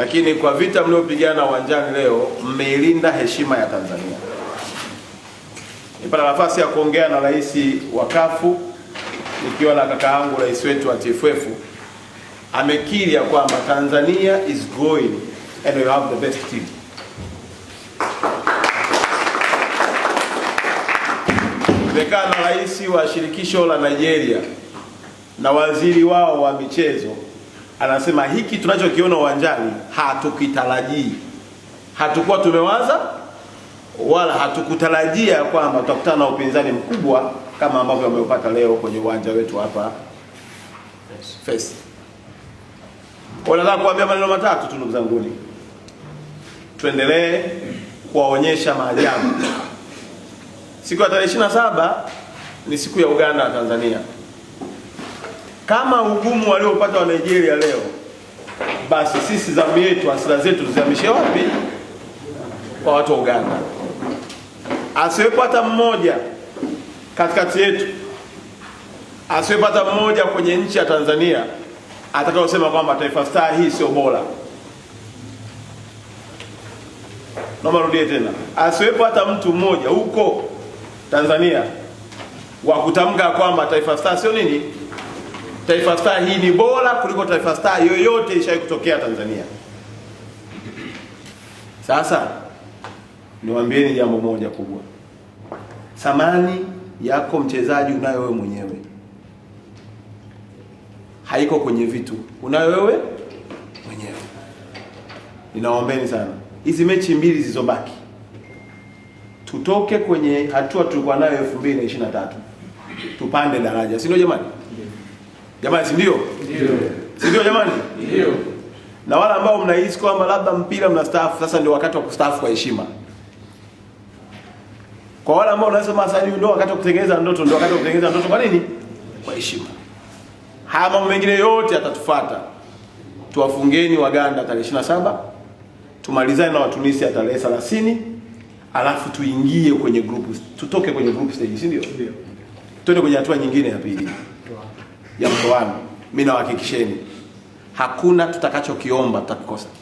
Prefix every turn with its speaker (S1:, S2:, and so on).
S1: lakini kwa vita mliopigana uwanjani leo mmeilinda heshima ya Tanzania. Nipata nafasi ya kuongea na rais wa kafu nikiwa na kaka yangu rais wetu wa TFF, amekiri ya kwamba Tanzania is going and we have the best team. Nimekaa na rais wa shirikisho la Nigeria na waziri wao wa michezo anasema hiki tunachokiona uwanjani hatukitarajii, hatukuwa tumewaza wala hatukutarajia kwamba tutakutana na upinzani mkubwa kama ambavyo wameupata leo kwenye uwanja wetu hapa Fes. Nataka kuambia maneno matatu tu ndugu zanguni, tuendelee kuwaonyesha maajabu. Siku ya tarehe 27 ni siku ya Uganda na Tanzania. Kama ugumu waliopata wa Nigeria leo, basi sisi zamu yetu, hasira zetu tuzihamishe wapi? Kwa watu wa Uganda. Asiwepo hata mmoja katikati yetu, asiwepo hata mmoja kwenye nchi ya Tanzania atakayosema kwamba Taifa Star hii sio bora. Naomba rudie tena, asiwepo hata mtu mmoja huko Tanzania wa kutamka kwamba Taifa Stars sio nini Taifa Star hii ni bora kuliko Taifa Star yoyote ishawahi kutokea Tanzania. Sasa niwaambieni jambo moja kubwa, thamani yako mchezaji unayo wewe mwenyewe, haiko kwenye vitu, unayo wewe mwenyewe. Ninawaombeni sana, hizi mechi mbili zilizobaki tutoke kwenye hatua tulikuwa nayo 2023 tupande daraja, si ndio jamani? Jamani, si ndio? Ndio. Si ndio jamani? Ndio. Na wale ambao mnahisi kwamba labda mpira mnastaafu, sasa ndio wakati wa kustaafu kwa heshima. Kwa wale ambao wanasema sasa ndio wakati wa kutengeneza ndoto, ndio wakati wa kutengeneza ndoto. Kwa nini? Kwa heshima. Haya mambo mengine yote yatatufuata. Tuwafungeni Waganda tarehe 27, tumalizane na Watunisia tarehe 30, alafu tuingie kwenye group, tutoke kwenye group stage, si ndio? Ndio. Twende kwenye hatua nyingine ya pili ya Mtoano, mimi nawahakikisheni hakuna tutakachokiomba tutakikosa.